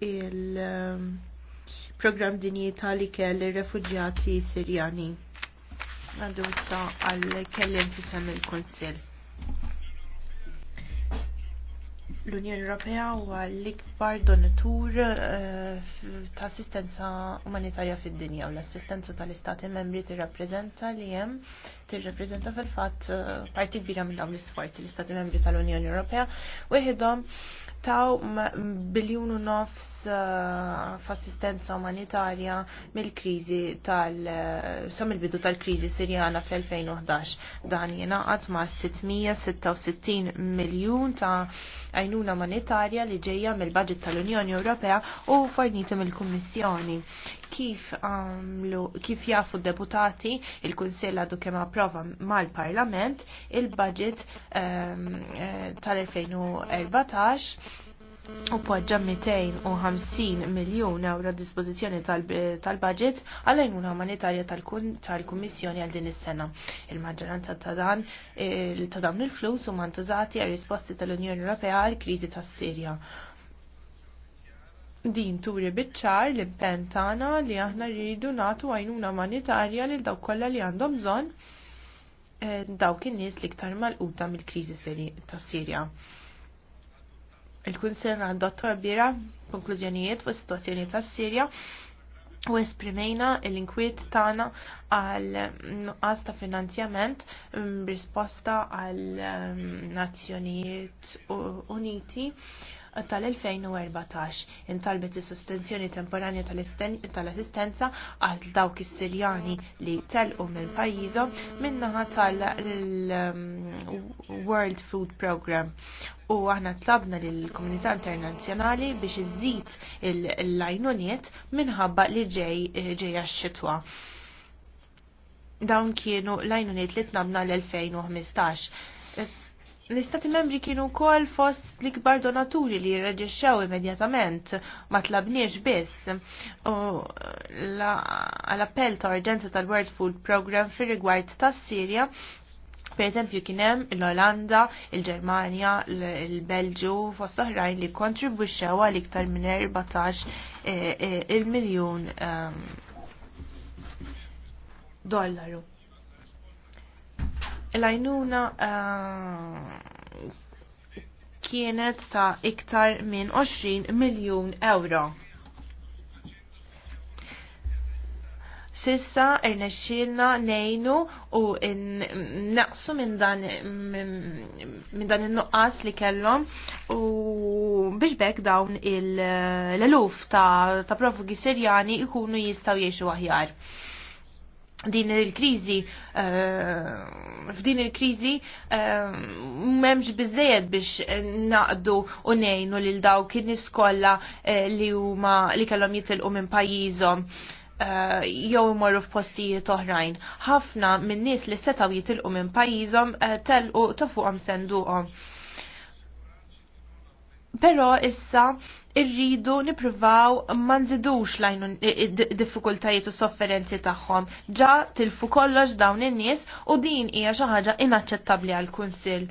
il-program dinji tal kell il refugjati sirjani. Għandu issa għal kellim fissam il-konsil. l-Unjoni Ewropea huwa l-ikbar donatur eh, ta' assistenza umanitarja fid-dinja u l-assistenza tal-Istati membri tirrappreżenta li hemm tirrappreżenta fil-fatt eh, parti kbira minn dawn l-isforzi l-Istati membri tal-Unjoni Ewropea weħidhom taw biljun u nofs eh, f'assistenza umanitarja mill-kriżi tal- sa mill-bidu tal-kriżi Sirjana fl-2011 dan jingħaqad ma' 666 miljun ta' għajnuna l għajnuna monetarja li ġejja mill-budget tal-Unjoni Ewropea u forniti mill-Kummissjoni. Kif għamlu, kif jafu deputati il-Kunsell għadu kemm approva mal-Parlament il-budget um, tal-2014 u poġġa 250 miljon euro dispożizzjoni tal-budget għal għajnuna humanitarja tal-Kummissjoni għal din is-sena. Il-maġġoranza ta' dan ta' dawn il-flus huma ntużati għal risposti tal-Unjoni Ewropea għal kriżi tas-Sirja din turi biċċar li bentana li aħna rridu natu għajnuna humanitarja li dawk kollha li għandhom bżonn eh, dawk in-nies li iktar mal-quta mill-kriżi tas-Sirja. Il-Kunsel għandottor bira konklużjonijiet fuq situazzjoni ta' Sirja u esprimejna l-inkwiet tagħna għal nuqqas ta' finanzjament mm, b'risposta għal mm, Nazzjonijiet Uniti tal-2014 intalbet is-sostenzjoni temporanja tal-assistenza għal dawk is-Sirjani li telqu minn pajjiżhom minnaħa tal-World um, Food Program. U aħna tlabna lill-komunità internazzjonali biex iżid il-lajnuniet minħabba li ġej ġejja x-xitwa dawn kienu lajnuniet li tnabna l-2015. L-Istati membri kienu kol fost l-ikbar donaturi li jirreġiċċaw immedjatament, ma tlabniex biss. U l-appell ta' urġenza tal-World Food Program fir rigward ta' Sirja, per eżempju kienem l-Olanda, il-Germania, il-Belġu, fost oħrajn li kontribuċċaw għal iktar minn 14 eh, eh, il-miljon ehm, dollaru l ajnuna eh, kienet ta' iktar minn 20 miljon euro. Sissa irnexxilna nejnu u naqsu minn dan in-nuqqas li kellhom u biex bekk dawn l-eluf ta', profugi Sirjani ikunu jistgħu jgħixu aħjar din il-krizi eh, f'din il-krizi eh, memx bizzejed biex naqdu u nejnu lil daw kien kollha eh, li huma li kellhom jitilqu minn pajjiżhom jew imorru f'postijiet oħrajn. Ħafna minn nies li setgħu jitilqu minn pajjiżhom telqu tofuqhom senduqhom. Però issa irridu nipruvaw ma nżidux lajn diffikultajiet u sofferenzi tagħhom. Ġa tilfu kollox dawn in-nies u din hija xi ħaġa inaċċettabbli għall kunsill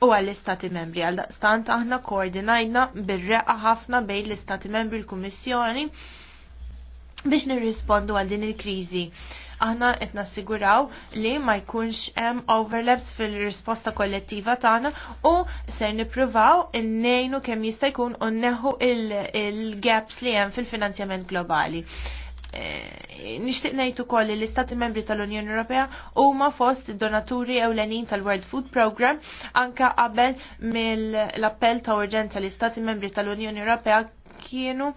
u għall-istati membri għal daqstant aħna koordinajna bir-reqa ħafna bejn l-istati membri l-Kummissjoni biex nirrispondu għal din il-kriżi. Aħna qed nassiguraw li ma jkunx hemm overlaps fil-risposta kollettiva tagħna u ser nippruvaw innejnu kemm jista' jkun u neħu il-gaps li hemm fil-finanzjament globali eh, Nixtieq ngħid ukoll li l-Istati Membri tal-Unjoni Ewropea huma fost donaturi ewlenin tal-World Food Program anka qabel mill-appell ta' urġenza l-Istati Membri tal-Unjoni Ewropea kienu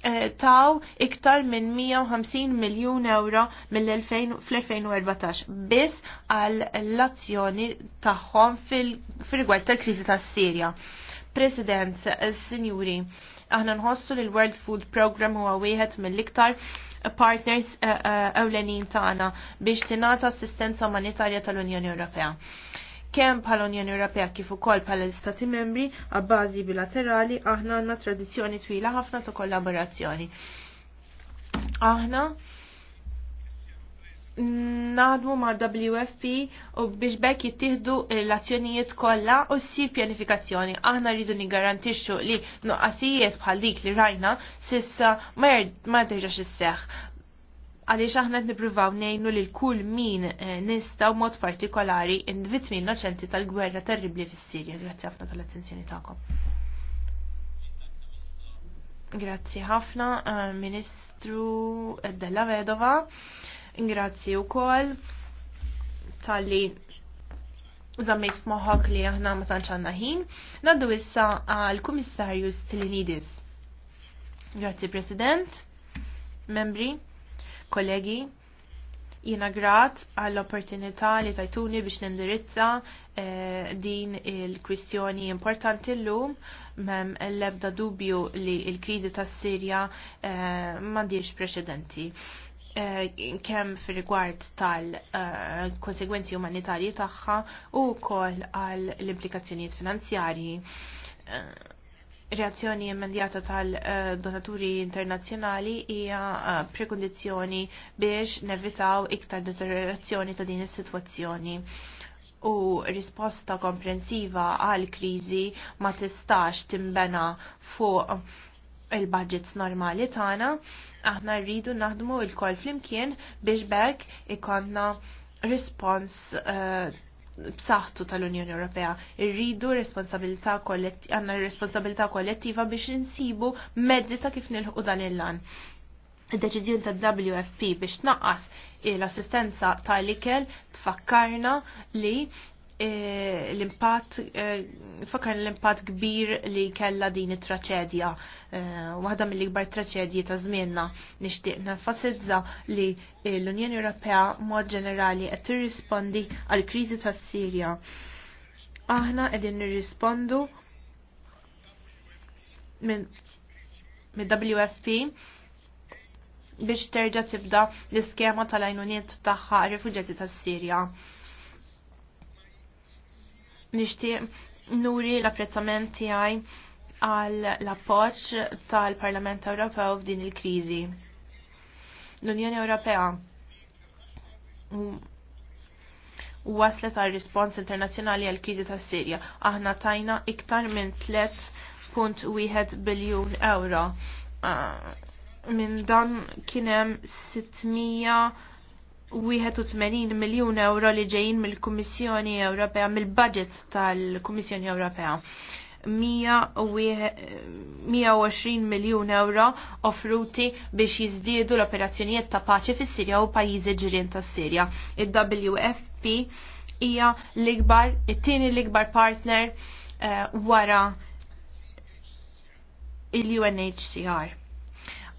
Eh, taw iktar minn 150 miljun euro mill-2014 biss għal l-azzjoni tagħhom fil-rigward tal-kriżi tas-Sirja. President, eh, sinjuri, aħna nħossu li l-World Food Program huwa wieħed mill-iktar partners eh, ewlenin tagħna biex tingħata assistenza umanitarja tal-Unjoni Ewropea kemm bħal Unjoni Ewropea kif ukoll bħal istati membri għabbażi bilaterali aħna għandna tradizzjoni twila ħafna ta' kollaborazzjoni. Aħna naħdmu ma' WFP u biex bekk jittieħdu l-azzjonijiet kollha u ssir pjanifikazzjoni. Aħna rridu nigarantixxu li nuqqasijiet bħal dik li rajna sissa ma er- terġax isseħħ għaliex aħna nipruvaw nejnu li l-kull min eh, nista' mod partikolari in-vitmi innoċenti tal-gwerra terribli fis-Sirja. Grazzi ħafna tal-attenzjoni tagħkom. Grazzi ħafna, eh, Ministru Della Vedova. Grazzi wkoll tal-li zammejt f'moħħok li aħna ma tantx għandna ħin. Naddu issa għal-Kummissarju Stilinidis. Grazzi President, membri kollegi, jiena grat għall-opportunità li tajtuni biex nindirizza eh, din il-kwistjoni importanti l-lum mem l-ebda dubju li il-krizi tas sirja eh, mandiex preċedenti. Eh, kemm fir rigward tal-konsegwenzi eh, umanitarji tagħha u wkoll għall l-implikazzjonijiet finanzjarji eh, reazzjoni immedjata tal-donaturi internazzjonali hija eh, prekondizzjoni biex nevitaw iktar deteriorazzjoni ta' din is-sitwazzjoni u risposta komprensiva għal kriżi ma tistax timbena fuq il-budgets normali tagħna, aħna rridu naħdmu il-kol flimkien biex bekk ikonna respons uh, eh, b'saħħtu tal-Unjoni Ewropea. Irridu responsabilità kollettiva, għandna responsabilità kollettiva biex insibu mezzi ta' kif nilħu dan il-lan. id deċiżjoni ta' WFP biex tnaqqas l-assistenza tal-ikel tfakkarna li Eh, l-impatt, eh, tfakkar l-impatt kbir li kella din it-traċedja, eh, waħda mill-ikbar traċedji ta' żmienna. Nixtieq nenfasizza li l-Unjoni Ewropea mod ġenerali qed tirrispondi għal kriżi tas-Sirja. Aħna qegħdin nirrispondu minn WFP biex terġa' tibda l-iskema tal-għajnuniet tagħha għar-rifuġjati tas-Sirja nixtieq nuri l-apprezzament tiegħi għal l-appoġġ tal-Parlament Ewropew f'din il-kriżi. L-Unjoni Ewropea u waslet għal rispons internazzjonali għal kriżi tas Sirja. Aħna tajna iktar minn 3.1 biljun euro. Uh, minn dan kienem 600 81 miljun euro li ġejjin mill-Kummissjoni Ewropea, mill-budget tal-Kummissjoni Ewropea. 120 miljun euro offruti biex jizdiedu l-operazzjonijiet ta' paċi fis sirja u pajjiżi ġirien tas sirja Il-WFP hija l-ikbar, it-tieni l-ikbar partner uh, wara il-UNHCR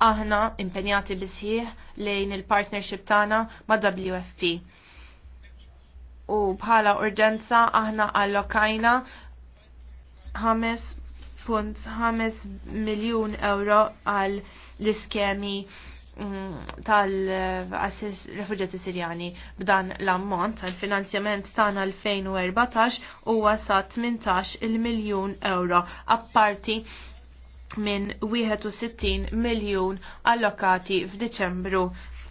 aħna impenjati bisħieħ lejn il-partnership tagħna ma' WFP. U bħala urġenza aħna allokajna 5.5 miljun euro għal l-iskemi mm, tal refugġati sirjani b'dan l-ammont tal-finanzjament tagħna 2014 huwa sa 18 il-miljun euro apparti minn 61 miljun allokati f'Diċembru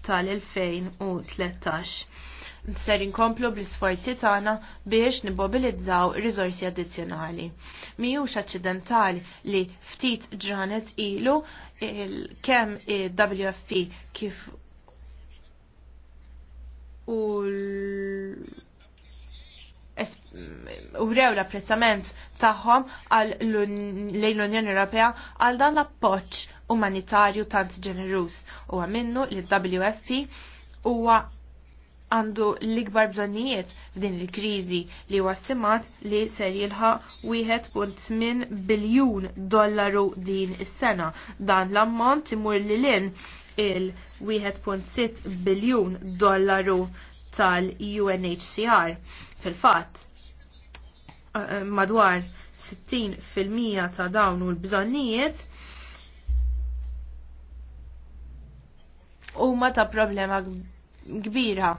tal-2013. Ser inkomplu bl-isforzi tagħna biex nibobilizzaw riżorsi addizzjonali. Mhijiex aċċidentali li ftit ġranet ilu il kemm wfp kif u l u rew l-apprezzament tagħhom lejn l-Unjoni Ewropea għal dan l-appoġġ umanitarju tant ġenerus u minnu li WFP huwa għandu l-ikbar bżonnijiet f'din il-kriżi li huwa stimat li ser jilħa 1.8 biljun dollaru din is-sena. Dan l-ammont imur li lin il-1.6 biljun dollaru tal-UNHCR Fil-fatt, madwar 60% ta' dawn u l-bżonnijiet huma ta' problema kbira.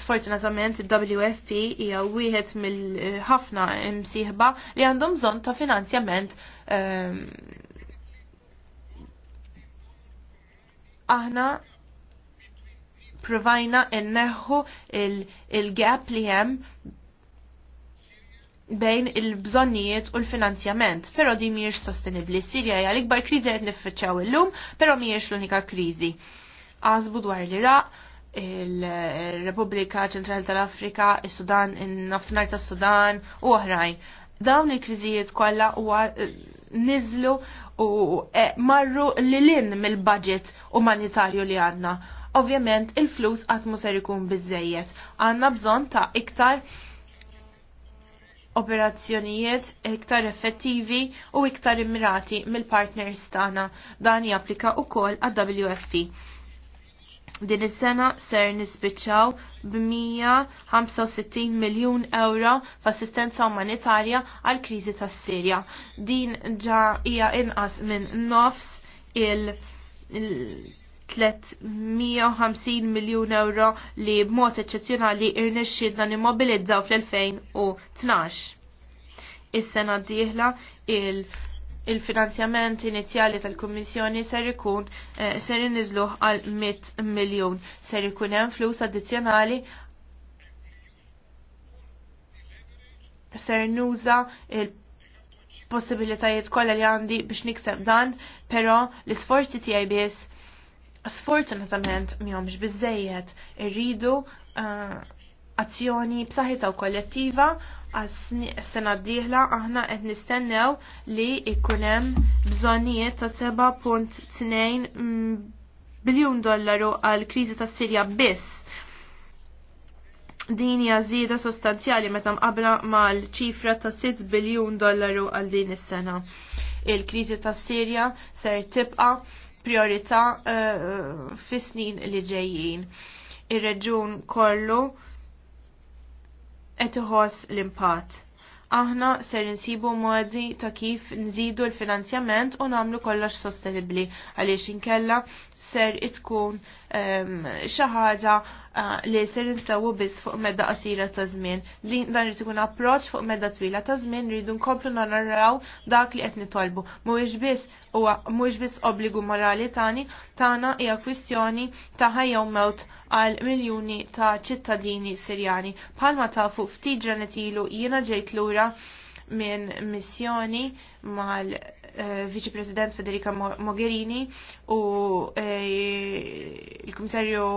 Sfortunatament il-WFP hija wieħed mill-ħafna msiħba li għandhom bżonn ta' finanzjament um, aħna provajna inneħħu il-gap li hemm bejn il-bżonnijiet u l-finanzjament, pero di miex sostenibli. Sirja hija l-ikbar kriżi qed niffiċċaw illum, però miex l-unika kriżi. Għażbu dwar l-Iraq, il-Repubblika Ċentrali tal-Afrika, is-Sudan, in nafsinar tas-Sudan u oħrajn. Dawn il-kriżijiet kollha huwa eh, niżlu u eh, marru lilin mill-budget umanitarju li għandna ovvjament il-flus qatt mu ser ikun biżejjed. Għanna bżonn ta' iktar operazzjonijiet iktar effettivi u iktar immirati mill-partners tagħna. Dan japplika wkoll għad-WFP. Din is-sena ser nispiċċaw b-165 miljun euro f'assistenza umanitarja għal kriżi tas-Sirja. Din ġa hija inqas minn nofs il, il 350 miljun euro li b'mod eċċezzjonali dan nimmobilizzaw fl-2012. Is-sena d-dieħla il- il-finanzjament inizjali tal-Kummissjoni ser ikun eh, ser inniżluh għal 100 miljun. Ser ikun hemm flus addizzjonali ser nuża il possibilitajiet kollha li għandi biex nikseb dan, però l-isforzi tiegħi biss sfortunatament miħomx bizzejiet irridu uh, azzjoni b'saħħitha u kollettiva għas-sena d-dieħla aħna qed nistennew li jkun hemm bżonnijiet ta' 7.2 mm, biljun dollaru għal kriżi tas Sirja biss. Din hija żieda sostanzjali meta mqabbla mal-ċifra ta' 6 biljun dollaru għal din is-sena. Il-kriżi tas Sirja ser tibqa' priorità uh, eh, eh, fis-snin li ġejjin. Ir-reġun kollu qed iħoss l-impatt. Aħna ser insibu modi ta' kif nżidu l-finanzjament u nagħmlu kollox sostenibbli għaliex inkella ser itkun tkun xaħġa ħaġa li jisir insewu biss fuq medda qasira ta' żmien. Dan irid ikun approċċ fuq medda twila ta' żmien rridu nkomplu narraw dak li qed nitolbu. Mhuwiex biss huwa mhuwiex biss obbligu morali tani tana hija kwistjoni ta' ħajja mewt għal miljuni ta' ċittadini Sirjani. Palma tafu ftit ġranet ilu jiena ġejt lura minn missjoni mal eh, Viċi President Federica Mogherini u eh, il komissarju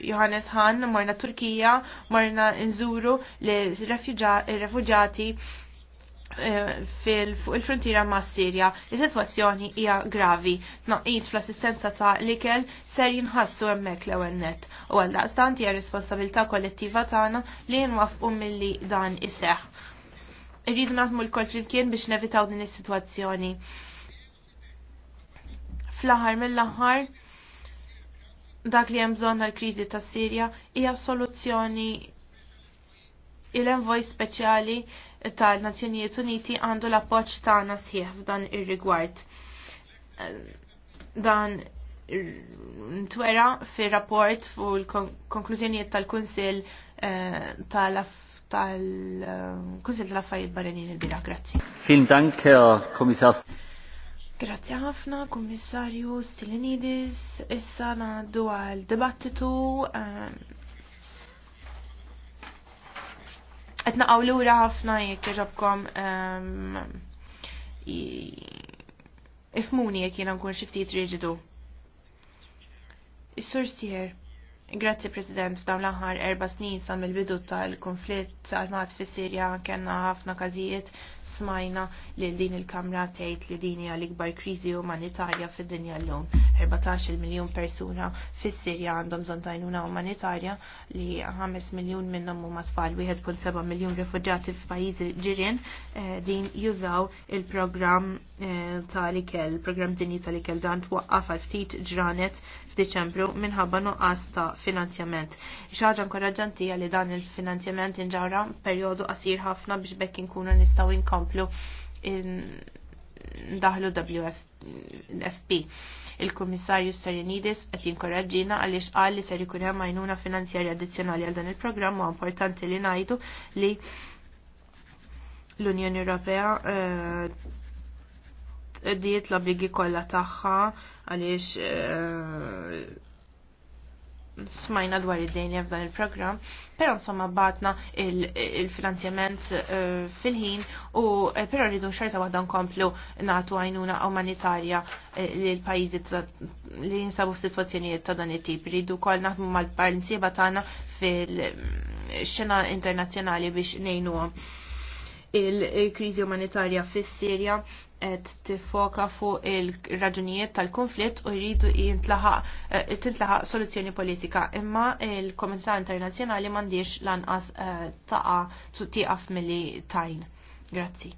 Johannes Hahn marna Turkija, marna nżuru l-refugjati eh, fil-frontira ma' Sirja. Is-sitwazzjoni hija gravi. Naqis fl-assistenza ta' l-ikel ser jinħassu hemmhekk l-ewwel nett. U għal daqstant hija responsabilità kollettiva tagħna li nwaffqu milli dan iseħħ. Irridu naħdmu l-kol flimkien biex nevitaw din is-sitwazzjoni. Fl-aħħar mill-aħħar dak li hemm bżonn għall-kriżi tas-Sirja hija soluzzjoni il-envoj speċjali tal-Nazzjonijiet Uniti għandu l-appoġġ tagħna sħiħ f'dan ir-rigward. Dan ntwera fir-rapport fuq il konklużjonijiet tal-Kunsill eh, tal-Affarijiet tal-Kunsil tal-Affarijiet Barranin il-bira. Grazzi. Fin dank, komissar. Grazzi ħafna, komissarju Stilinidis. Issa ngħaddu għal dibattitu ehm, Qed naqgħu lura ħafna jekk jġabkom ehm, ifmuni jekk jiena nkun xi ftit riġidu. Is-sur stier. Grazzi President, f'dawn l-aħħar erba' snin sa mill-bidu tal-konflitt armat fis-Sirja kellna ħafna każijiet smajna li din il-Kamra tgħid li din hija l-ikbar kriżi umanitarja fid-dinja llum. 14 miljun persuna fis-Sirja għandhom bżonn tajnuna umanitarja li 5 miljun minnhom huma tfal, 1.7 miljun rifuġjati f'pajjiżi ġirien eh, din jużaw il-programm eh, tal-ikel, programm dinji tal-ikel dan twaqqaf għal ftit ġranet f'Diċembru minħabba nuqqas ta' finanzjament. Xaġa nkoraġġanti li dan il-finanzjament inġara perjodu qasir ħafna biex bekk inkunu nistgħu nkomplu ndaħlu WFP. Il-Kummissarju Starinidis qed jinkoraġġina għaliex qal li ser ikun hemm għajnuna finanzjarja addizzjonali għal dan il-programm u importanti li ngħidu li l-Unjoni Ewropea eh, diet l-obligi kollha tagħha għaliex eh, smajna dwar id-dejnja f'dan il-programm, pero insomma batna il-finanzjament eh, fil-ħin u eh, pero rridu xorta waħda nkomplu natu għajnuna umanitarja eh, l-pajizi li jinsabu situazzjonijiet ta' dan it-tip. Rridu kol naħdmu mal-parnsieba tagħna fil-xena internazzjonali biex ngħinuhom il-kriżi umanitarja fis-Sirja qed tifoka fuq il-raġunijiet tal-konflitt u jridu eh, tintlaħaq soluzzjoni politika. Imma il-Komunità Internazzjonali m'għandix lanqas eh, taqa' tieqaf f'milli tajn. Grazzi.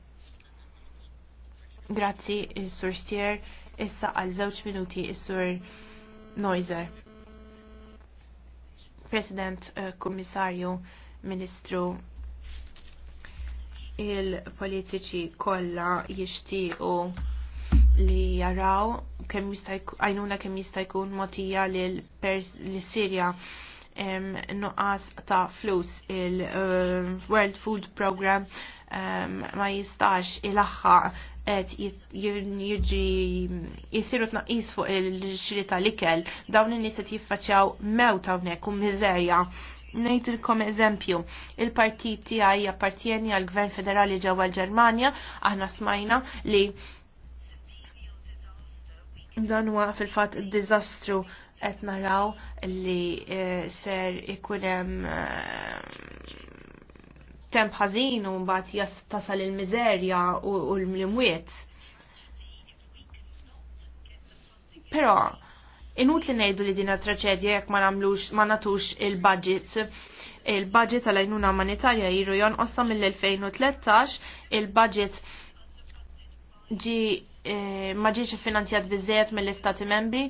Grazzi, is-Sur Stier, issa għal żewġ minuti is-Sur Noiser. President, eh, Komissarju, Ministru, il-politiċi kollha jixtiequ li jaraw kemm jista' għajnuna kemm jista' jkun mogħtija lil Sirja nuqqas ta' flus il-World eh, Food Program ma jistax il-axħa et jirġi jisiru tnaqis fuq il-xrita l-ikel dawn in-nies qed jiffaċċjaw mew hawnhekk u miżerja Nejtilkom eżempju, il-partit tiegħi appartieni għal Gvern Federali ġewwa l-Ġermanja, aħna smajna li dan huwa fil-fatt diżastru qed naraw li e, ser ikun hemm e, temp ħażin u mbagħad jasal il-miżerja u l mlimwiet Però Inut li ngħidu li dina traċedja jekk ma namlux ma natux il-budget il-budget tal-għajnuna monetarja jiru jonqossa mill-2013 il-budget ġi eh, ma ġiex finanzjat biżejjed mill-Istati membri,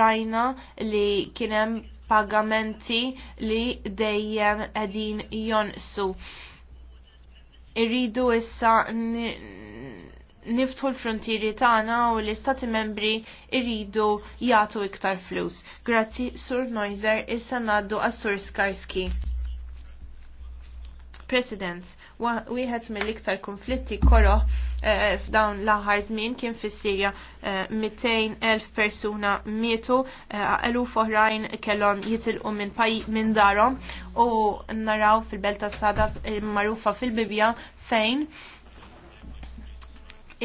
rajna li kienem pagamenti li dejjem qegħdin jonsu. Irridu issa niftħu l-frontieri tagħna u l-istati membri iridu jagħtu iktar flus. Grazzi Sur Noiser issa ngħaddu għas-Sur Skarski. President, wieħed mill-iktar konflitti koro eh, f'dawn l-aħħar żmien kien fis-Sirja 20 eh, 200,000 persuna mietu, eh, eluf oħrajn kellhom jitilqu minn minn darhom u naraw fil-Belt Sada eh, marufa fil-Bibja fejn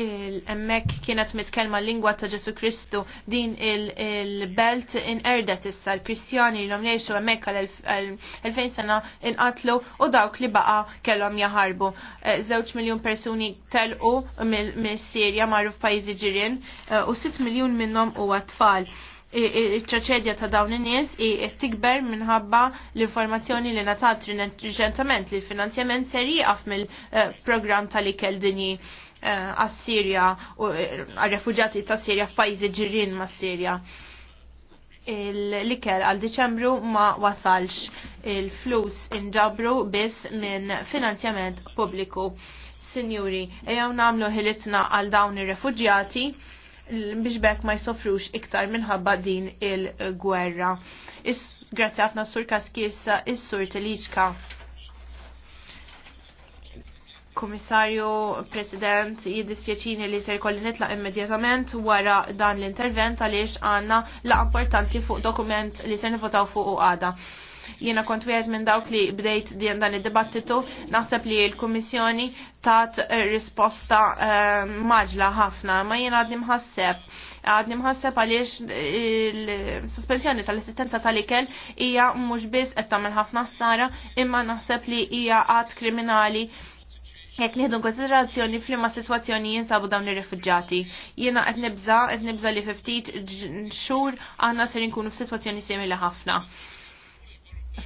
il-emmek kienet mitkelma lingwa ta' Ġesu Kristu din il-belt in erdet issa l-Kristjani l-om jiexu emmek għal-2000 sena inqatlu u dawk li baqa kellhom jaharbu. Eh, Zewċ miljon persuni telqu mill-Sirja marru f'pajjiżi ġirien eh, u 6 miljon minnhom u għatfall il-ċaċedja ta' dawn in-nies i tikber minħabba l-informazzjoni li natat riċentament li l-finanzjament ser jieqaf mill-programm eh, tal-ikel dinji Eh, għas-Sirja u eh, għal-refuġati ta' Sirja f'pajjiżi ġirien ma' Sirja. L-ikel għal Diċembru ma wasalx il-flus inġabru biss minn finanzjament pubbliku. Sinjuri, ejjew namlu ħilitna għal dawn ir-refuġjati biex bekk ma jsofrux iktar minħabba din il-gwerra. Grazzi għafna sur kaskissa is-sur Teliċka. Komissarju, President, jiddispjaċini li ser kolli nitlaq immedjatament wara dan l-intervent għaliex għanna la importanti fuq dokument li ser nivotaw fuq u għada. Jiena kont wieħed minn dawk li bdejt dien dan id-dibattitu, naħseb li l-Kummissjoni tat risposta uh, maġla ħafna, ma jiena għadni mħasseb. Għadni mħasseb għaliex il-sospensjoni eh, tal-assistenza tal-ikel hija mhux biss qed tagħmel ħafna ħsara, imma naħseb li hija għad kriminali Jekk nieħdu konsiderazzjoni f'liema situazzjoni jinsabu dawn ir-refuġġati. Jiena qed nibża qed nibża li ftit xhur aħna ser inkunu f'sitwazzjoni simili ħafna.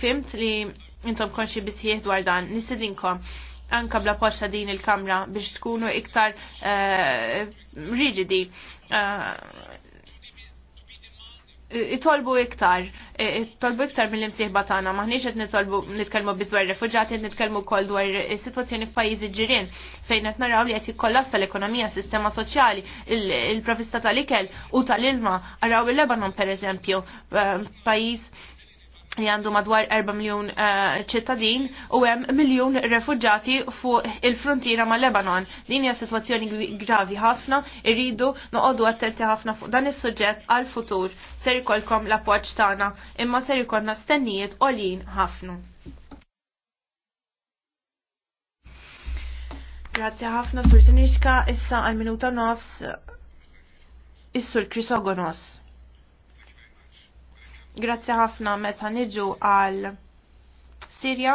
Fimt li intom konxi bisħieħ dwar dan, nisidinkom anka bla poċta din il-kamra biex tkunu iktar uh, rigidi. Uh, itolbu iktar, e, itolbu iktar mill-imsieħba tana, maħniex qed nitolbu nitkellmu bizwar dwar refuġati, kol nitkellmu wkoll dwar is-sitwazzjoni f'pajjiżi ġirien fejn qed naraw li qed jikkollassa l-ekonomija, sistema soċjali, il-provista tal-ikel u tal-ilma, għaraw il-Lebanon pereżempju, eh, pajjiż li għandu madwar 4 miljon eh, ċittadin u hemm miljon refugġati fuq il-frontiera ma' Lebanon. Din hija sitwazzjoni gravi ħafna, irridu noqogħdu attenti ħafna fuq dan is-suġġett għal futur ser ikolkom l-appoġġ tagħna, imma ser ikolna stennijiet għolin ħafna. Grazzi ħafna Sur Tinixka, issa għal minuta nofs is-Sur Krisogonos. Grazzi ħafna meta niġu għal Sirja.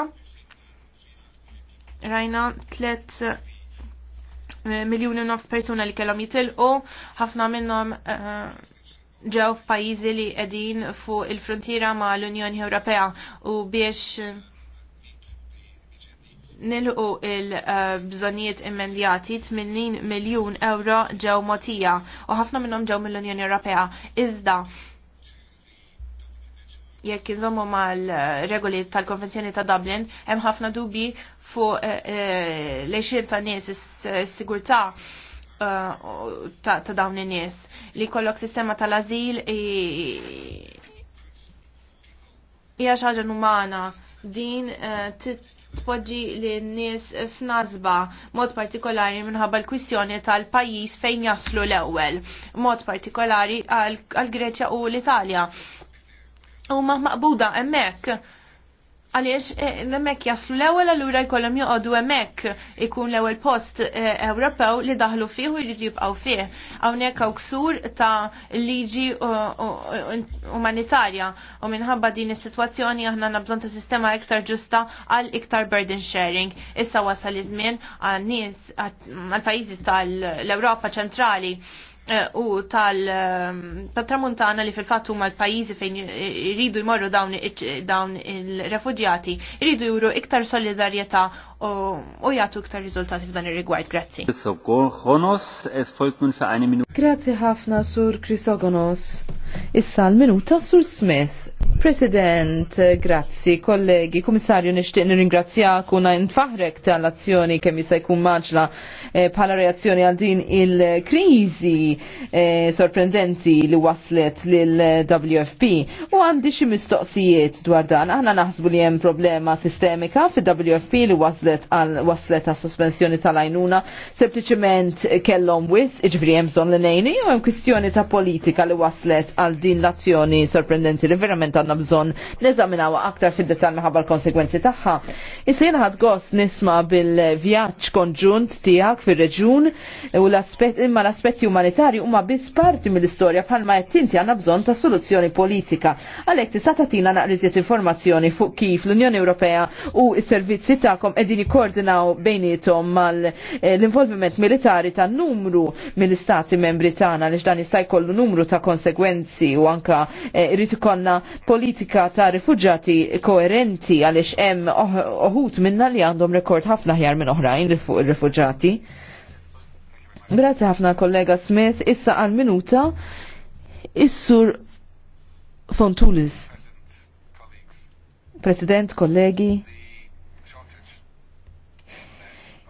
Rajna tlet eh, miljoni nofs persuna li kellhom jitilqu, ħafna minnhom eh, ġew f'pajjiżi li qegħdin fuq il-frontiera ma' l-Unjoni Ewropea u biex nilqu il-bżonijiet immendjati 80 miljun euro ġew motija u ħafna minnhom ġew mill-Unjoni Ewropea. Iżda jekk jizommu mal-regoli tal-Konvenzjoni ta' Dublin, hemm ħafna dubi fuq eh, eh, lexin ta' nies is-sigurtà eh, ta' dawn in-nies li kollok sistema tal-azil hija xi ħaġa umana din tpoġġi li n-nies f'nazba mod partikolari minħabba l-kwissjoni tal-pajjiż fejn jaslu l-ewwel, mod partikolari għall greċja u l-Italja huma maqbuda hemmhekk għaliex eh, l-emmek jaslu l-ewel għallura jkollhom joqogħdu hemmhekk ikun l-ewel post eh, Ewropew li daħlu fih u jridu jibqgħu fih. Hawnhekk hawn ksur ta' liġi eh, umanitarja u minħabba din is-sitwazzjoni aħna nabżon ta' sistema iktar ġusta għal iktar burden sharing. Issa wasal iż-żmien għan-nies għal-pajjiżi tal-Ewropa ċentrali Eh, u tal-tramuntana ehm, li fil-fatt huma l-pajjiżi fejn iridu jmorru dawn il-refuġjati iridu juru iktar solidarjetà u jagħtu iktar riżultati f'dan ir-rigward. Grazzi. Grazzi ħafna sur Chrisogonos. Issa l-minuta sur Smith. President, grazzi, kollegi, komissarju, nishtiq nirringrazzjak u nfaħrek tal-azzjoni kemm jista' jkun maġla eh, bħala reazzjoni għal din il-kriżi eh, sorprendenti li waslet lil WFP. U għandi xi mistoqsijiet dwar dan. Aħna naħsbu li hemm problema sistemika fil-WFP li waslet għal waslet għas sospensjoni tal ajnuna sempliċement kellhom wis, iġbri hemm bżonn li ngħinu jew hemm kwistjoni ta' politika li waslet għal din l-azzjoni sorprendenti li verament għandna għandna bżonn neżaminawha aktar fid-dettall minħabba l-konsekwenzi tagħha. Issa jiena gost nisma' bil-vjaġġ konġunt tiegħek fir-reġun u l aspet imma l-aspetti umanitarji huma biss parti mill-istorja bħalma qed jettinti għandna bżonn ta' soluzzjoni politika. Għalhekk tista' tagħtina naqriżiet informazzjoni fuq kif l-Unjoni Ewropea u s-servizzi tagħkom qegħdin jikkoordinaw bejnietom mal-involviment eh, militari ta' numru mill-istati membri tagħna li dan jista' jkollu numru ta' konsekwenzi u anka eh, irid ikollna politika politika ta' rifuġati koerenti għaliex hemm oħut minna li għandhom rekord ħafna ħjar minn oħrajn fuq ir Grazzi ħafna kollega Smith, issa għal minuta is-sur Fontulis. President, kollegi,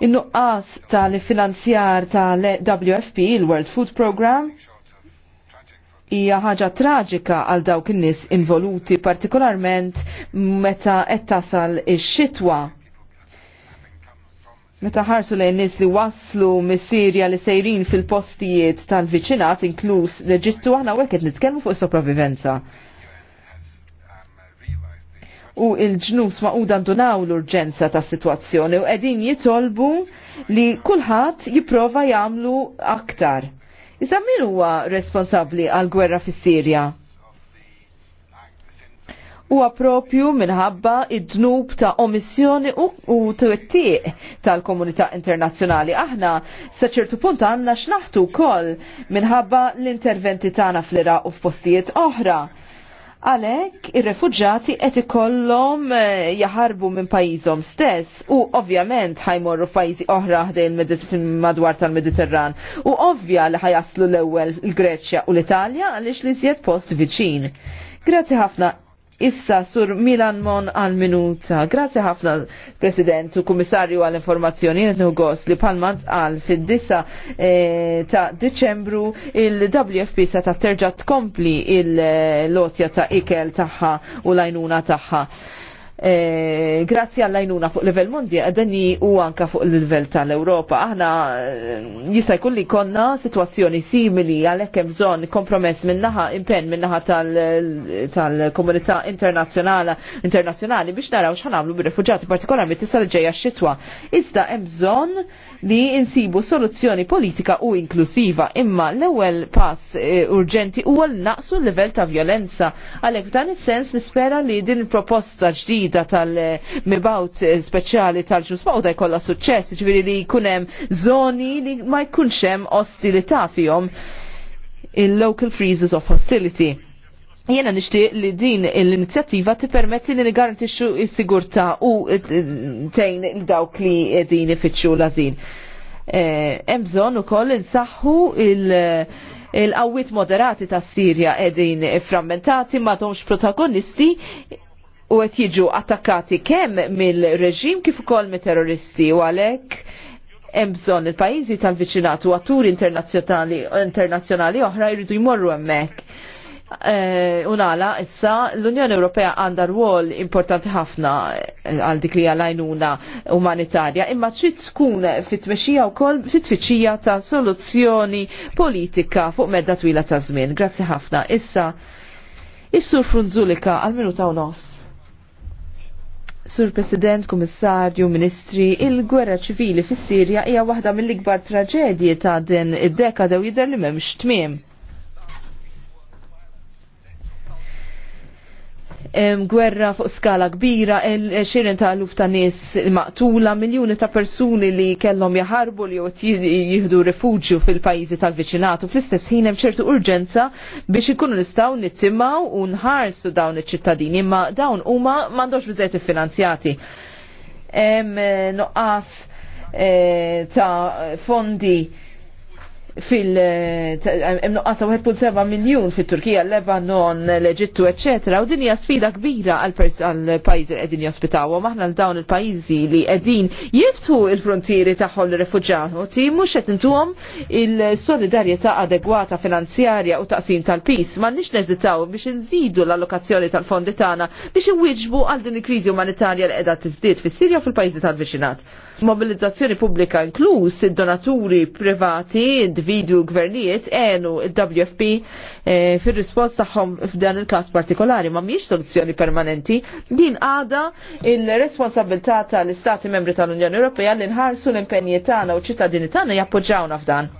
In-nuqqas tal-finanzjar tal-WFP, il-World Food Program, hija ħaġa traġika għal dawk in-nies involuti, partikolarment meta qed tasal ix-xitwa. Meta ħarsu lejn nies li waslu mis-Sirja li sejrin fil-postijiet tal-viċinat, inkluż l-Eġittu, aħna hawnhekk qed nitkellmu fuq is-sopravivenza u il-ġnus maquda ndunaw l-urġenza ta' situazzjoni u edin jitolbu li kulħadd jipprova jagħmlu aktar. Iżda min huwa responsabbli għal gwerra fis-Sirja? huwa propju minħabba id-dnub ta' omissjoni u twettiq tal-komunità internazzjonali. Aħna sa ċertu punt għandna x'naħtu wkoll minħabba l-interventi tagħna fl-Iraq u f'postijiet oħra. Għalek, ir-refugġati qed ikollhom eh, jaħarbu minn pajjiżhom stess u ovvjament ħajmorru f'pajjiżi oħra ħdejn madwar tal-Mediterran. U ovvja li ħajaslu l-ewwel il-Greċja u l-Italja għaliex li żjed post viċin. Grazzi ħafna Issa sur Milan Mon għal minuta. Grazie ħafna President u Kummissarju għal informazzjoni nitnu gost li palmant għal fid-disa eh, ta' Deċembru il-WFP sa ta' terġa tkompli il-lotja ta' ikel taħħa u lajnuna taħħa. Eh, grazzi għall-għajnuna fuq livell mondi għadani u anka fuq livell tal-Europa. Aħna eh, jista' jkun li konna situazzjoni simili għalhekk hemm bżonn kompromess minnaħa impenn minnaħa tal-komunità internazzjonali internazzjonali biex naraw x'ħanamlu bir-refuġati partikolarment tista' ġejja x-xitwa. Iżda hemm bżonn li insibu soluzzjoni politika u inklusiva imma l-ewwel pass eh, urġenti huwa għal naqsu l-livell ta' violenza. Għalhekk dan is-sens nispera li din il-proposta ġdida tal-mibawt eh, speċjali tal-ġus mawda jkollha suċċess, ġviri li jkun hemm zoni li ma jkunx hemm ostilità fihom il-local freezes of hostility Jena nishtiq li din l-inizjattiva permetti li nigarantixxu s-sigurtà u tejn dawk li din ifittxu lażin Emżon eh, Hemm bżonn ukoll insaħħu il- il moderati ta' Sirja edin frammentati domx protagonisti u qed jiġu attakkati kemm mill-reġim kif ukoll mit-terroristi u għalhekk hemm bżonn il-pajjiżi tal vicinatu għaturi internazjonali internazzjonali oħra jridu jmorru hemmhekk Eh, unala issa l-Unjoni Ewropea għandha rwol importanti ħafna eh, għal dik li għajnuna umanitarja imma trid tkun fit-tmexxija wkoll fit-tfittxija ta' soluzzjoni politika fuq medda twila ta' żmien. Grazzi ħafna. Issa is-Sur Frunzulika għal minuta u nofs. Sur President, Kummissarju, Ministri, il-gwerra ċivili fis-Sirja hija waħda mill-ikbar traġedji ta' din id-dekada u jidher li m'hemmx tmiem. gwerra fuq skala kbira, xirin ta' luf ta' nis maqtula, miljoni ta' persuni li kellhom jaħarbu li jot jihdu rifugju fil-pajizi tal-viċinatu. Fl-istess ħin hemm ċertu urġenza biex ikunu nistgħu nittimgħu u nħarsu dawn iċ-ċittadini, imma dawn huma m'għandhomx biżejjed iffinanzjati. Hemm eh, nuqqas eh, ta' fondi fil imnuqqasa 1.7 miljon fit turkija Lebanon, l-Eġittu, etc. U hija sfida kbira għal-pajzi li qegħdin jospitaw. Maħna l-dawn il-pajzi li qegħdin jiftu il-frontieri tagħhom l ti mux għed intuħom il-solidarieta adegwata finanzjarja u taqsim tal-pis. Ma nix neżitaw biex inżidu l-allokazzjoni tal-fondi tagħna biex iwieġbu għal din il-krizi umanitarja li qiegħda tiżdied fis-Sirja u fil-pajzi tal-viċinat mobilizzazzjoni pubblika inkluż id-donaturi privati, individwu gvernijiet għenu il-WFP eh, fir rispost tagħhom f'dan il-każ partikolari ma mhijiex soluzzjoni permanenti. Din għada il-responsabilità tal-Istati membri tal-Unjoni Ewropea li nħarsu l-impenji tagħna u ċittadini tagħna jappoġġawna f'dan.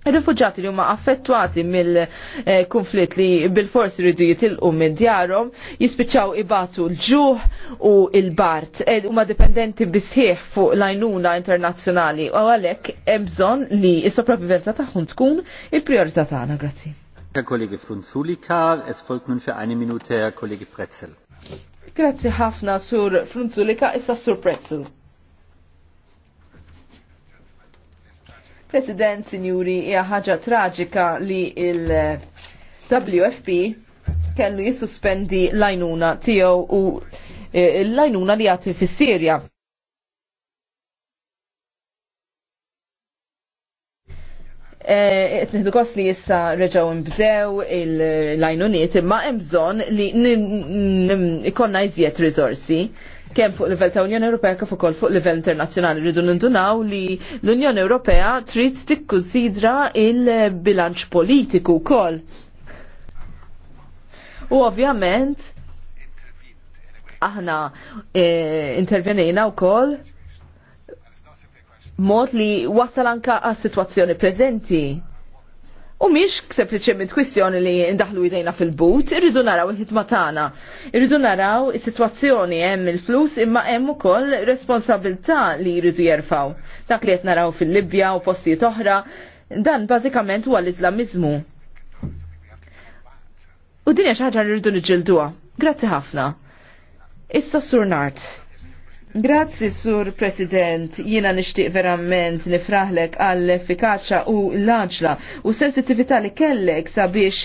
Il-rifugġati li huma affettwati mill-konflitt eh, li bil-fors iridu jitilqu minn djarhom jispiċċaw ibatu l-ġuħ u l-bart e, huma dipendenti bisħieħ fuq l-għajnuna internazzjonali u għalhekk hemm bżonn li s-sopravivenza tagħhom tkun il-prijorità tagħna. Grazzi. Kollegi Frunzulika, es folgt nun für eine Minute Kollegi Pretzel. Grazzi ħafna sur Frunzulika, issa sur Pretzel. President, sinjuri, hija ħaġa traġika li il-WFP kellu jissuspendi l għajnuna tiegħu u e, l għajnuna li jagħti fis-Sirja. Etniħdu kos li jissa reġaw imbdew il-lajnuniet imma imżon li ikonna iżjed rizorsi kemm fuq livell ta' Unjoni Ewropea kif ukoll fuq livell internazzjonali rridu nindunaw li l-Unjoni Ewropea trid tikkunsidra il-bilanċ politiku wkoll. U ovvjament aħna e, wkoll mod li wasal anka għas-sitwazzjoni preżenti U miex sempliċement kwistjoni li ndaħlu idejna fil-but, irridu naraw il-ħidma tagħna. Irridu naraw is-sitwazzjoni hemm il-flus imma hemm ukoll responsabilità li jridu jerfaw. Dak li qed naraw fil-Libja u postijiet oħra, dan bażikament huwa l iżlamiżmu U dinja xi ħaġa li rridu niġġilduha. Grazzi ħafna. Issa Surnart. Grazzi, Sur President, jina nishtiq verament nifraħlek għall-effikaċa u l-laġla u sensitivita li kellek sabiex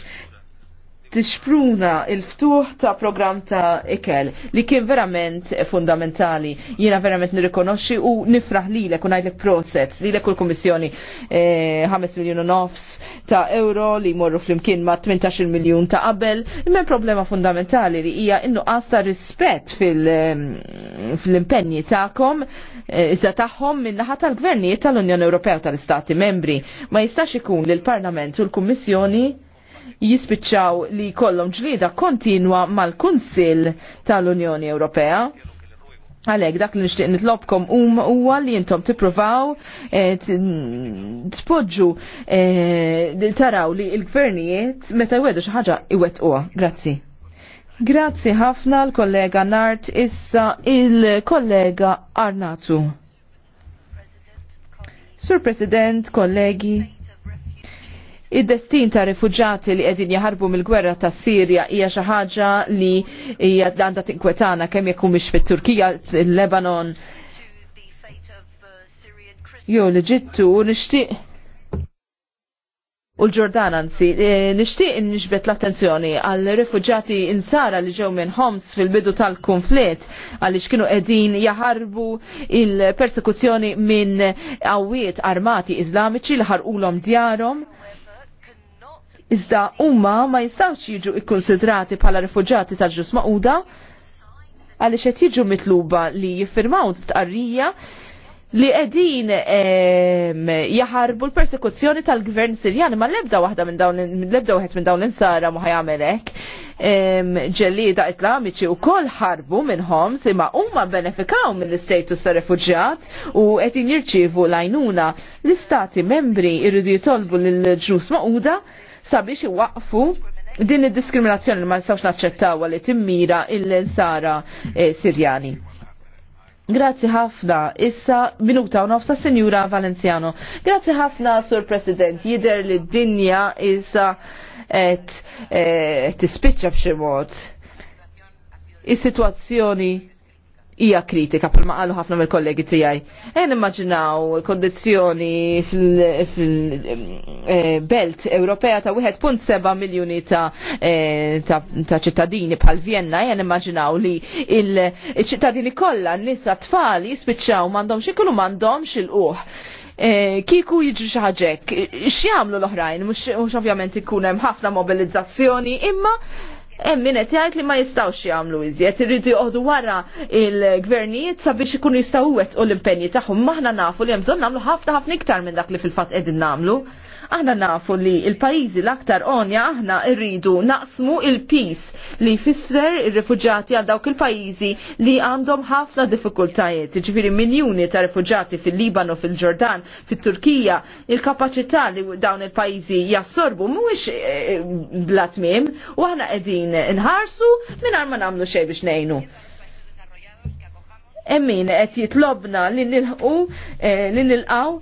tixpruna il-ftuħ ta' program ta' ikel li kien verament fundamentali. Jiena verament nirrikonoxxi u nifraħ li l-ek unajdlek proset li l-ek kull-Komissjoni 5 eh, miljonu nofs ta' euro li morru flimkien ma' 18 miljon ta' qabel. Imma problema fundamentali li hija innuqas ta' rispett fil-impenji ta'kom eh, iżda tagħhom min-naħa tal-gvernijiet tal-Unjoni Ewropea tal-Istati membri. Ma jistax ikun li l-Parlament u l-Kummissjoni jispiċċaw li kollom ġlieda kontinwa mal-Kunsill tal-Unjoni Ewropea. Għalek, dak li nishtiq nitlobkom um u għalli jintom tipruvaw eh, tpoġġu eh, taraw li il-gvernijiet meta jwedu xaħġa iwet uwa. Grazzi. Grazzi ħafna l-kollega Nart, issa il-kollega Arnatu. Sur President, kollegi, Id-destin ta' rifugġati li qegħdin jaħarbu mill-gwerra ta' Sirja hija xi ħaġa li hija għandha tinkwetana kemm jekk mhix fit-Turkija, il-Lebanon. Jo l-Ġittu nixtieq U l-Ġordan anzi, e, nixtieq nixbet l-attenzjoni għal rifugġati insara li ġew minn Homs fil-bidu tal-konflitt għaliex kienu qegħdin jaħarbu il-persekuzzjoni minn qawwiet armati iżlamiċi li ħarqulhom djarhom Iżda huma ma jistawx jiġu ikkonsidrati bħala rifuġati ta' ġus maquda għaliex qed jiġu mitluba li jiffirmaw tqarrija li qegħdin jaħarbu l-persekuzzjoni tal-gvern Sirjan ma l-ebda waħda minn dawn l-ebda wieħed minn dawn l-insara ma ħajamel hekk. Ġellieda Islamiċi wkoll ħarbu minnhom imma huma benefikaw mill-istatus ta' refuġjat u qegħdin jirċievu l-għajnuna l-istati membri jridu jitolbu lill ġus maquda sabiex iwaqfu din id-diskriminazzjoni li ma nistawx naċċettaw li timmira il-sara eh, Sirjani. Grazzi ħafna, issa minuta u nofsa senjura Valenziano. Grazzi ħafna, Sur President, jider li d-dinja issa et eh, tispiċċa b'xi mod. Is-sitwazzjoni hija kritika palma qalu ħafna mill-kollegi tiegħi. Ejn immaġinaw kondizzjoni fil-belt eh, Ewropea ta' 1.7 miljuni eh, ta' ċittadini bħal Vienna, ejn immaġinaw li il-ċittadini kollha n-nisa tfal jispiċċaw m'għandhomx ikunu m'għandhomx il-quħ. E, Kiku jiġri xaħġek, x'jamlu l-oħrajn, mhux ovvjament ikun hemm ħafna mobilizzazzjoni, imma Hemm min qed jgħid li ma jistgħux jagħmlu iżjed, irridu joqogħdu wara il-gvernijiet sabiex ikunu jistgħu u l-impenji tagħhom. Maħna nafu li hemm bżonn nagħmlu ħafna ħafna iktar minn dak li fil-fatt qegħdin nagħmlu. Aħna nafu li il-pajizi l-aktar onja aħna irridu naqsmu il-pis li fisser il-refugġati għal dawk il-pajizi li għandhom ħafna diffikultajiet. Ġifiri miljoni ta' refugġati fil-Libano, fil-Ġordan, fil-Turkija, il-kapacità li dawn il-pajizi jassorbu mhuwiex eh, blatmim u aħna qegħdin nħarsu mingħajr ma nagħmlu xejn biex ngħinu emmin qed jitlobna li nilħu eh, li nilqaw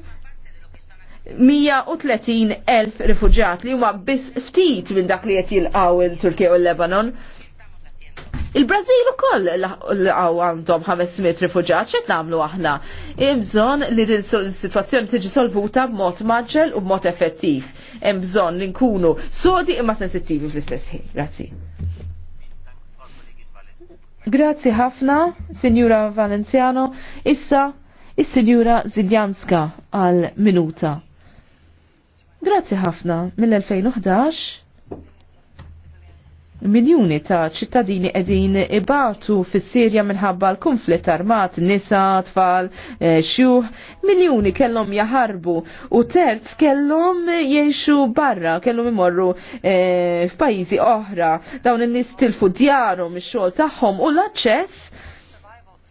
130.000 elf rifugjat li huma biss ftit minn dak li qed jilqgħu il-Turkija u l-Lebanon. il brażil ukoll laqgħu għandhom ħames għandhom 500 rifugġat, x'qed nagħmlu aħna? bżonn li is sitwazzjoni tiġi solvuta b'mod maġġel u b'mod effettiv. Hemm bżonn li nkunu sodi imma sensittivi fl-istess ħin. Grazzi. Grazzi ħafna, Signora Valenziano. Issa, is sinjura Zidjanska għal minuta. Grazzi ħafna mill-2011 miljoni ta' ċittadini edin ibatu fis sirja minħabba l-konflitt armat, nisa, tfal, eh, xjuħ, miljoni kellhom jaħarbu u terz kellhom jiexu barra, kellhom imorru e, f'pajjiżi oħra, dawn in-nies tilfu djarhom ix-xogħol tagħhom u l-aċċess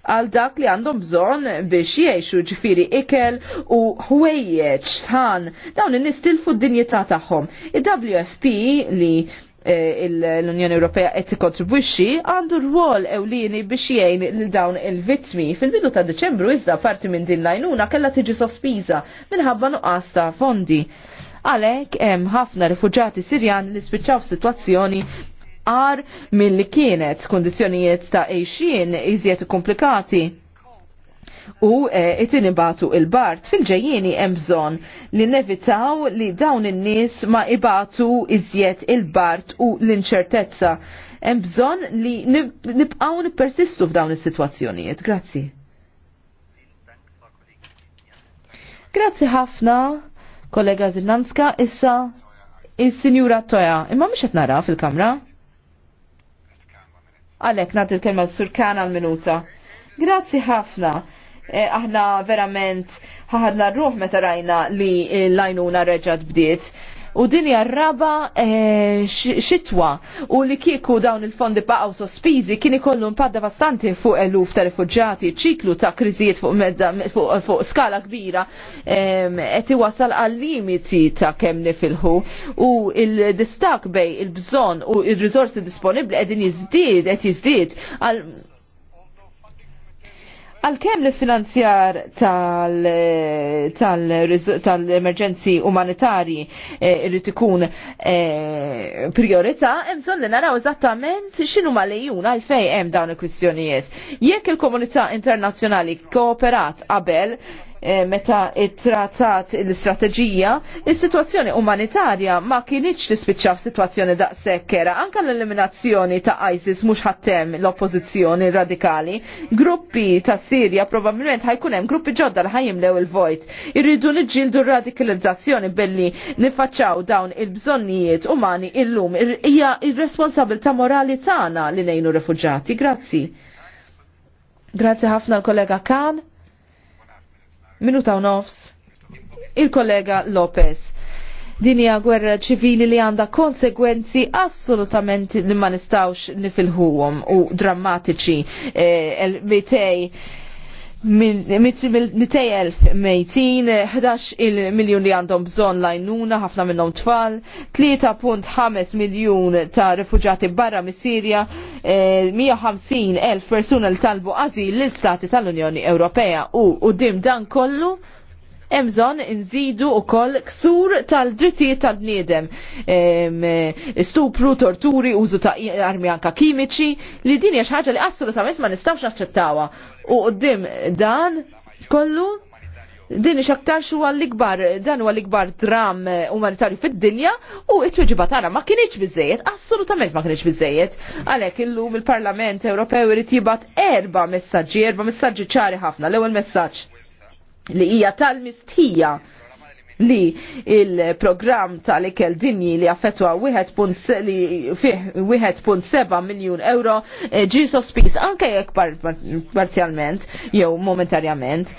għal dak li għandhom bżon biex jiexu ġifiri ikel u ħwejjeġ sħan dawn nistilfu d-dinjità tagħhom. Il-WFP li eh, l-Unjoni Ewropea qed tikkontribwixxi għandu rwol ewlieni biex jgħin lil dawn il-vittmi. Fil-bidu ta' Deċembru iżda parti minn din l-għajnuna kellha tiġi sospiża minħabba nuqqas ta' fondi. Għalhekk hemm ħafna rifuġati Sirjani li spiċċaw f'sitwazzjoni ar mill-li kienet kondizjonijiet ta' eixin iżjed komplikati u e, it-tini batu il-bart. Fil-ġejjini hemm bżonn li nevitaw li dawn in-nies ma ibatu iżjed il-bart u l-inċertezza. Hemm bżonn li nibqgħu nippersistu f'dawn is-sitwazzjonijiet. Grazzi. Grazzi ħafna, kollega Zinanska, issa is-Sinjura Toja. Imma mhux qed nara fil-kamra. Għalek nati l kelma surkan għal-minuta. Grazzi ħafna. E, aħna verament ħadna rruħ meta rajna li l-lajnuna reġad bdiet U din hija raba eh, xitwa u li kieku dawn il-fondi baqgħu sospiżi kien ikollu impatt devastanti fuq eluf ta' rifuġġati, ċiklu ta' kriżijiet fuq, fuq, fuq skala kbira qed iwasal għal limiti ta' kemm nifilħu u il-distak bej il-bżonn u il-riżorsi disponibbli qegħdin jiżdied qed jiżdied għal Għalkemm li finanzjar tal-emerġenzi umanitarji li eh, ikun eh, priorità, hemm bżonn li naraw eżattament x'inhu malejjun għalfejn hemm dawn il-kwistjonijiet. Jekk il-komunità internazzjonali kooperat qabel, Eh, meta it-trazzat l-istrateġija, is-sitwazzjoni umanitarja ma kienieċ tispiċċa f'sitwazzjoni daqshekk sekkera. Anka l-eliminazzjoni ta' ISIS mhux ħattem l-oppożizzjoni radikali. Gruppi ta' Sirja probabbilment ħajkun hemm gruppi ġodda li lew il-vojt. Irridu niġġieldu radikalizzazzjoni billi nifacċaw dawn il-bżonnijiet umani illum hija r-responsabil ta' morali tagħna li ngħinu refugġati. Grazzi. Grazzi ħafna l-kollega Kan. Minuta u nofs. Il-kollega Lopez dinja gwerra ċivili li għanda konsegwenzi assolutament li ma nistawx nifilħuwom u drammatiċi. Eh, 200.000 mejtin, 11 il-miljon li għandhom bżon lajnuna, ħafna minnom tfal, 3.5 miljon ta' rifugġati barra mis sirja 150.000 persuna li talbu għazil l-Stati tal-Unjoni Ewropea u u dim dan kollu hemm bżonn inżidu wkoll ksur tal-drittijiet tal-bniedem. Stupru, torturi, użu ta' armi anka kimiċi li din hija xi ħaġa li assolutament ma nistgħux naċċettawha. U qudiem dan kollu din xaktar huwa l-ikbar, dan huwa l-ikbar dram umanitarju fid-dinja u it-tweġiba tagħna ma kienx biżejjed, assolutament ma kienx biżejjed. Għalhekk illum il-Parlament Ewropew irid jibgħat erba' messaġġi, erba' messaġġi ċari ħafna. L-ewwel messaġġ li hija tal-mistħija li il-programm tal-ikel dinji li affetwa 1.7 miljon euro eh, ġi sospis anke jekk parzjalment jew momentarjament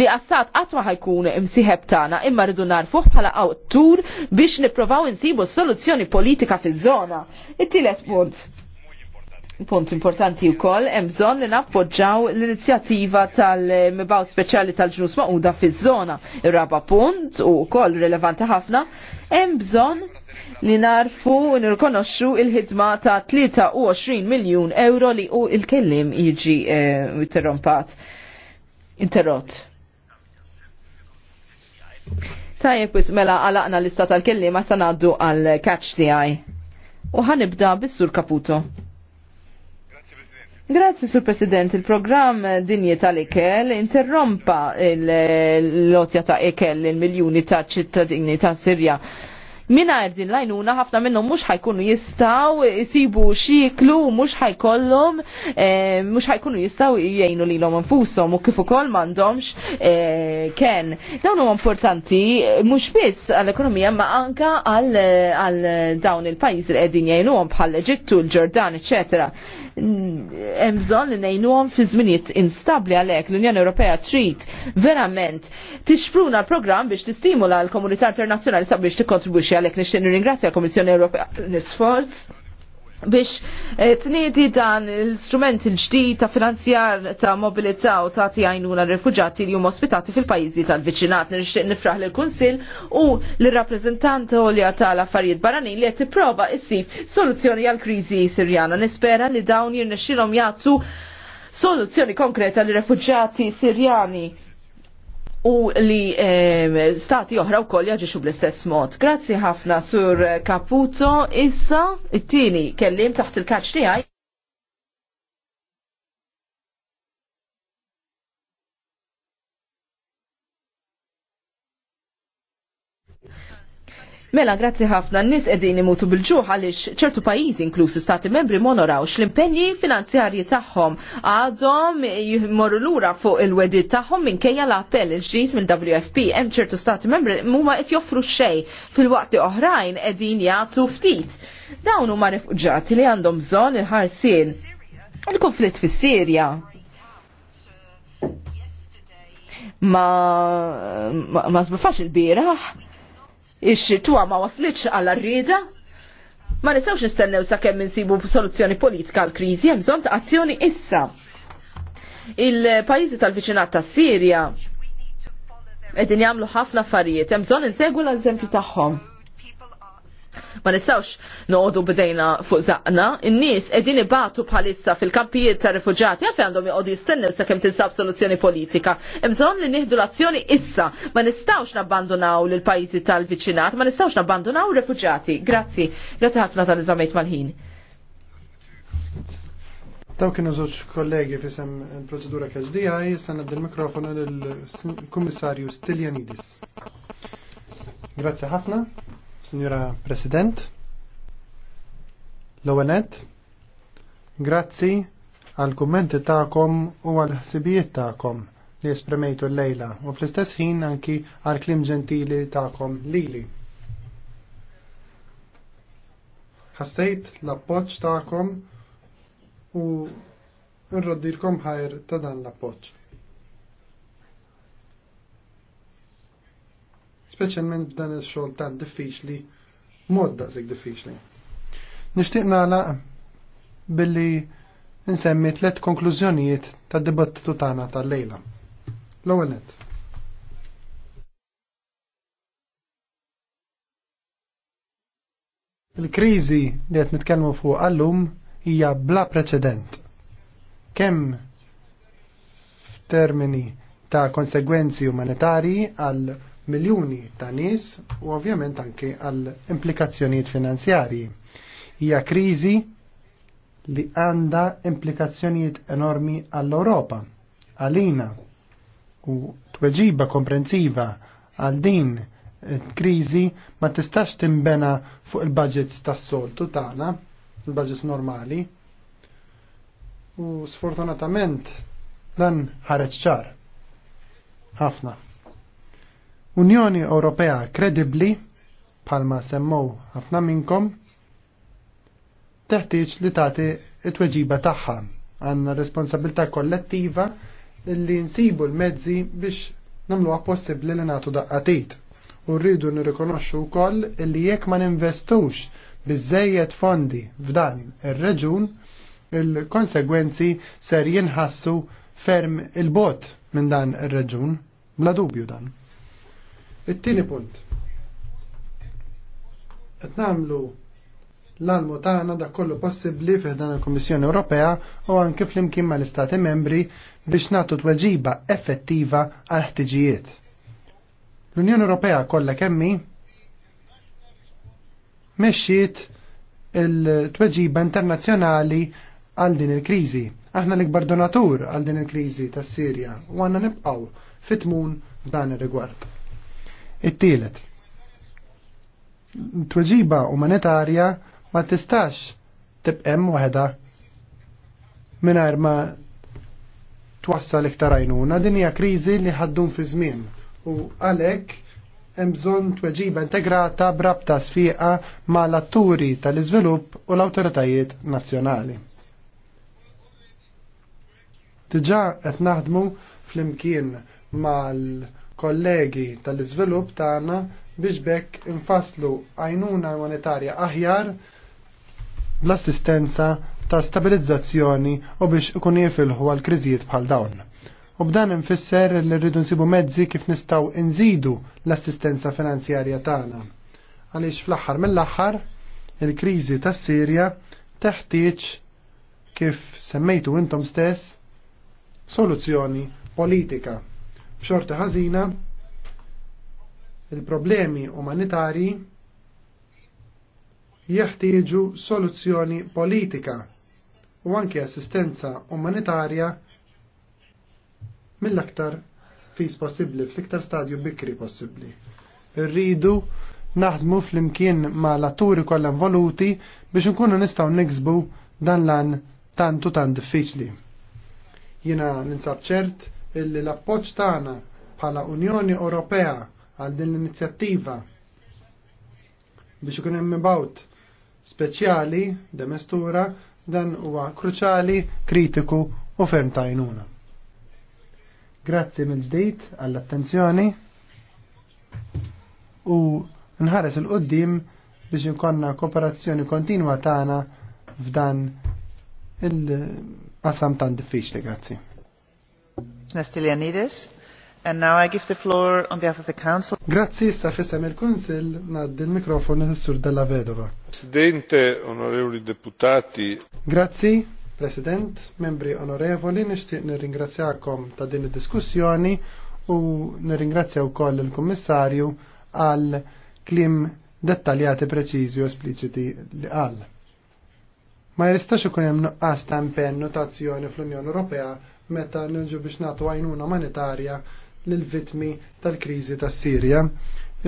li Assad għatma ħajkun imsiħeb tana imma rridu narfuħ bħala għawtur biex niprofaw insibu soluzzjoni politika fiż-żona. It-tielet punt punt importanti u koll, emżon li nappoġġaw l-inizjattiva tal-mibaw speċjali tal-ġnus maquda fi zona Il-raba punt u koll rilevanti ħafna, emżon li narfu u nirkonoxxu il-ħidma ta' 23 miljun euro li u il-kellim jiġi eh, interrompat. Interrot. Tajjeb, mela għalaqna l istat tal ma' sanaddu għal-catch di U ħanibda bis-sur Caputo. Grazzi, Sur President, il-programm dinji tal-ikel interrompa l-lotja ta' ikel il-miljoni ta' ċittadini ta' Sirja. Mina din lajnuna ħafna minnhom mhux ħajkunu jistgħu jsibu xiklu mhux ħajkollhom eh, mhux ħajkunu jistgħu jgħinu lilhom infushom u kif ukoll m'għandhomx eh, ken. Dawn huma importanti mhux biss għall-ekonomija ma anka għal dawn il-pajjiż li qegħdin jgħinuhom bħal Eġittu, l-Ġordan, eccetera hemm bżonn li ngħinuhom fi żminijiet instabbli għalhekk l-Unjoni Ewropea trid verament tixpruna l-programm biex tistimula l-komunità internazzjonali sabiex tikkontribwixxi għalhekk nixtieq nirringrazzja l-Kummissjoni Ewropea l-isforz biex eh, tnieti dan l strument il-ġdid ta' finanzjar ta' mobilità u ta' għajnuna refugġati li jum ospitati fil-pajizi tal-viċinat. Nirxieq nifraħ l-Kunsil u l-rappresentant olja tal-affarijiet barranin li qed tipprova issib soluzzjoni għal-kriżi Sirjana. Nispera li dawn jirnexxilhom jagħtu soluzzjoni konkreta l refugġati Sirjani u li stati oħra u koll jaġiċu bl-istess mod. Grazzi ħafna sur Caputo, issa it-tini kellim taħt il-kaċ tijaj. Mela, grazzi ħafna, n-nis edin imutu bil-ġuħ għalix ċertu pajizi inklusi stati membri monorawx l-impenji finanzjarji tagħhom għadhom l lura fuq il-wedid tagħhom minkejja l-appell il-ġdid mill-WFP hemm ċertu stati membri huma qed joffru xejn fil waqti li oħrajn qegħdin jagħtu ftit. Dawn huma refuġġati li għandhom bżonn il-ħarsien il-konflitt fis-Sirja ma ma, ma il biraħ ix-tuwa ma waslitx għall rrida Ma nistgħux nistennew sakemm insibu soluzzjoni politika għal kriżi hemm bżonn ta' azzjoni issa. Il-pajjiżi tal-viċinat tas-Sirja qegħdin jagħmlu ħafna affarijiet, hemm bżonn insegwu l-eżempju tagħhom ma nistawx noqogħdu bdejna fuq zaqna. In-nies qegħdin ibatu bħalissa fil-kampijiet ta' rifuġati għalfejn għandhom joqogħdu jistennew sakemm tinsab soluzzjoni politika. bżonn li nieħdu l-azzjoni issa ma nistawx nabbandunaw lill pajjiżi tal-viċinat, ma nistawx nabbandunaw rifuġati. Grazzi, grazzi ħafna tal-iżamejt mal-ħin. Taw kienu żewġ kollegi fisem il-proċedura KHDI, sa naddi mikrofonu lill-Kummissarju Stiljanidis. Grazzi ħafna. Signora President, l-ONET, grazzi għal kummenti ta'kom u għal ħsibijiet ta'kom li espremejtu l-lejla u fl-istess ħin anki għal klim ġentili ta'kom lili. Ħassejt l-appoċ ta'kom u nroddilkom ħajr ta' dan l-appoċ. speċjalment b'dan il-xogħol tant diffiċli, mod daqsik diffiċli. Nixtieq nagħlaq billi nsemmi tliet konklużjonijiet tad-dibattitu tagħna ta' lejla L-ewwel nett. Il-kriżi li qed nitkellmu fuq għallum hija bla preċedent. Kemm f'termini ta' konsegwenzi umanitarji għal miljuni ta' nies u ovvjament anke għal implikazzjonijiet finanzjarji. Hija kriżi li għandha implikazzjonijiet enormi għall-Ewropa, għalina u tweġiba komprensiva għal din kriżi ma tistax timbena fuq il-budgets tas-soltu tagħna, il-budgets normali. U sfortunatament dan ħareġ ċar. Ħafna. Unjoni Ewropea kredibbli, palma semmow ħafna minnkom, teħtieġ li tagħti t-tweġiba tagħha. Għandna responsabilità kollettiva li nsibu l-mezzi biex nagħmluha possibbli li nagħtu daqqatit. U rridu nirrikonoxxu wkoll li jekk ma ninvestux biżejjed fondi f'dan ir-reġun, il-konsegwenzi ser jinħassu ferm il-bot minn dan ir-reġun, bla dubju dan. It-tieni punt. Qed nagħmlu l-almu tagħna dak kollu possibbli fih dan il-Kummissjoni Ewropea u anke flimkien mal-Istati Membri biex nagħtu tweġiba effettiva għal ħtiġijiet. L-Unjoni Ewropea kollha kemmi mexxiet il-tweġiba internazzjonali għal din il-kriżi. Aħna l-ikbar donatur għal din il-kriżi tas-Sirja u għandna nibqgħu fitmun f'dan ir-rigward. It-tielet. Tweġiba umanitarja ma tistax tibqem waħda mingħajr ma twassal iktar għajnuna. Din hija kriżi li ħaddun fi żmien u għalhekk hemm bżonn tweġiba integrata brabta sfiqa ma' l-atturi tal-iżvilupp u l-awtoritajiet nazzjonali. Diġà qed naħdmu flimkien mal- kollegi tal-iżvilupp tagħna biex bekk infaslu għajnuna monetarja aħjar l-assistenza ta' stabilizzazzjoni u biex ikun jifilħu għal kriżijiet bħal dawn. U b'dan infisser li rridu nsibu mezzi kif nistgħu nżidu l-assistenza finanzjarja tagħna. Għaliex fl-aħħar mill-aħħar il-kriżi tas-Sirja teħtieġ kif semmejtu intom stess soluzzjoni politika B'xorta ħażina il-problemi umanitarji jeħtieġu soluzzjoni politika u anke assistenza umanitarja mill-aktar fis possibbli, fl-iktar stadju bikri possibbli. Irridu naħdmu fl-imkien ma l-atturi kollha involuti biex nkunu nistgħu niksbu dan lan tantu tant diffiċli. Jiena ninsab ċert illi l-appoġġ tagħna bħala Unjoni Ewropea għal din l-inizjattiva biex ikun hemm imbaut speċjali demestura dan huwa kruċali, kritiku u ferm tajnuna. Grazzi mill-ġdid għall-attenzjoni u nħares il-qoddim biex inkonna kooperazzjoni kontinwa tagħna f'dan il-qasam tan diffiċli, grazzi. Nastilianides. And now I give the floor on behalf of the Council. Grazzi, sta il-Kunsil, naddi il-mikrofonu l-Sur Della Vedova. Presidente, onorevoli deputati. Grazie, President, membri onorevoli, ne nirringrazzjakom ta' din id-diskussjoni u nirringrazzja wkoll il-Kummissarju al klim dettaljati preċiżi u espliċiti li qal. Ma jistax ikun hemm nuqqas ta' impenn notazzjoni fl-Unjoni Europea meta nġu biex nagħtu għajnuna monetarja lill-vittmi tal-kriżi tas-Sirja.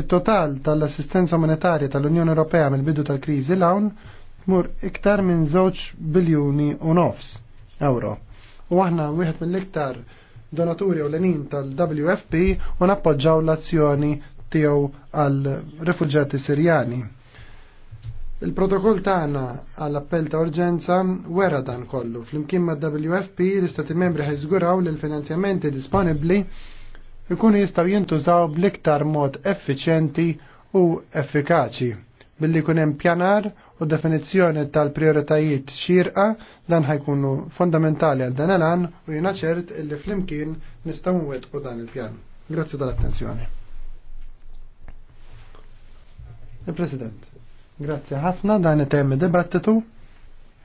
Il-total tal-assistenza monetarja tal-Unjoni Ewropea mill-bidu tal-kriżi l-hawn mur iktar minn żewġ biljuni u nofs euro. U aħna wieħed mill-iktar donaturi u l-enin tal-WFP u nappoġġaw l-azzjoni tiegħu għal rifuġġati Sirjani. Il-protokoll tagħna għall appell ta' urġenza wera dan kollu. Flimkien ma' WFP l-Istati membri ħajżguraw li l-finanzjamenti disponibbli ikunu jistgħu jintużaw bl-iktar mod effiċjenti u effikaċi billi kun hemm pjanar u definizzjoni tal-prioritajiet xirqa dan ħajkunu fondamentali għal dan elan u jiena ċert illi flimkien nistgħu nwettqu dan il-pjan. Grazzi tal-attenzjoni. Il-President. Grazie ħafna dan it-temi dibattitu.